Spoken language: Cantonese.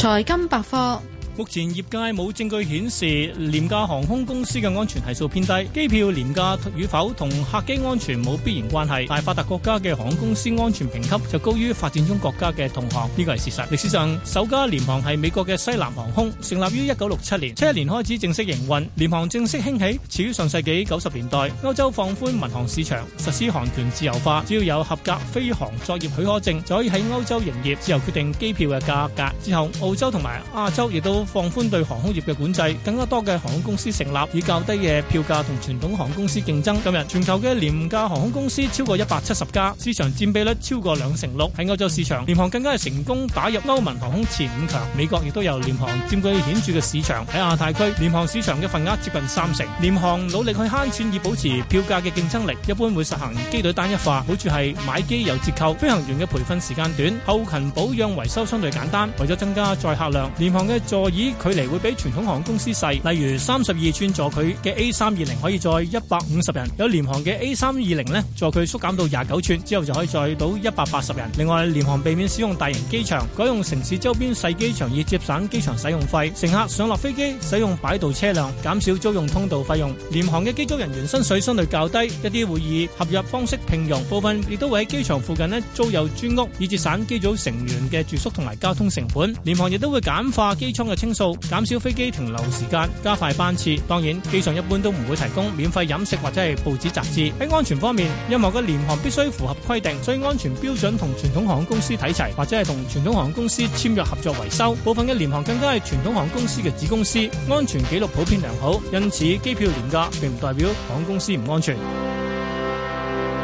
財金百科。目前業界冇證據顯示廉價航空公司嘅安全係數偏低，機票廉價與否同客機安全冇必然關係。但發達國家嘅航空公司安全評級就高於發展中國家嘅同行，呢個係事實。歷史上首家廉航係美國嘅西南航空，成立於一九六七年，七一年開始正式營運。廉航正式興起始於上世紀九十年代，歐洲放寬民航市場，實施航權自由化，只要有合格飛航作業許可證就可以喺歐洲營業，自由決定機票嘅價格。之後澳洲同埋亞洲亦都。放寬對航空業嘅管制，更加多嘅航空公司成立，以較低嘅票價同傳統航空公司競爭。今日全球嘅廉價航空公司超過一百七十家，市場占比率超過兩成六。喺歐洲市場，廉航更加係成功打入歐盟航空前五強。美國亦都有廉航占據顯著嘅市場。喺亞太區，廉航市場嘅份額接近三成。廉航努力去慳錢以保持票價嘅競爭力，一般會實行機隊單一化，好處係買機有折扣，飛行員嘅培訓時間短，後勤保養維修相對簡單。為咗增加載客量，廉航嘅座以距離會比傳統航空公司細，例如三十二寸座距嘅 A 三二零可以載一百五十人，有廉航嘅 A 三二零呢，座距縮減到廿九寸之後就可以載到一百八十人。另外廉航避免使用大型機場，改用城市周邊細機場以節省機場使用費。乘客上落飛機使用擺渡車輛，減少租用通道費用。廉航嘅機組人員薪水相對較低，一啲會以合約方式聘用，部分亦都會喺機場附近呢租有專屋以節省機組成員嘅住宿同埋交通成本。廉航亦都會簡化機艙嘅清掃，減少飛機停留時間，加快班次。當然，機上一般都唔會提供免費飲食或者係報紙雜誌。喺安全方面，任何嘅廉航必須符合規定，所以安全標準，同傳統航空公司睇齊，或者係同傳統航空公司簽約合作維修。部分嘅廉航更加係傳統航空公司嘅子公司，安全記錄普遍良好。因此，機票廉價並唔代表航空公司唔安全。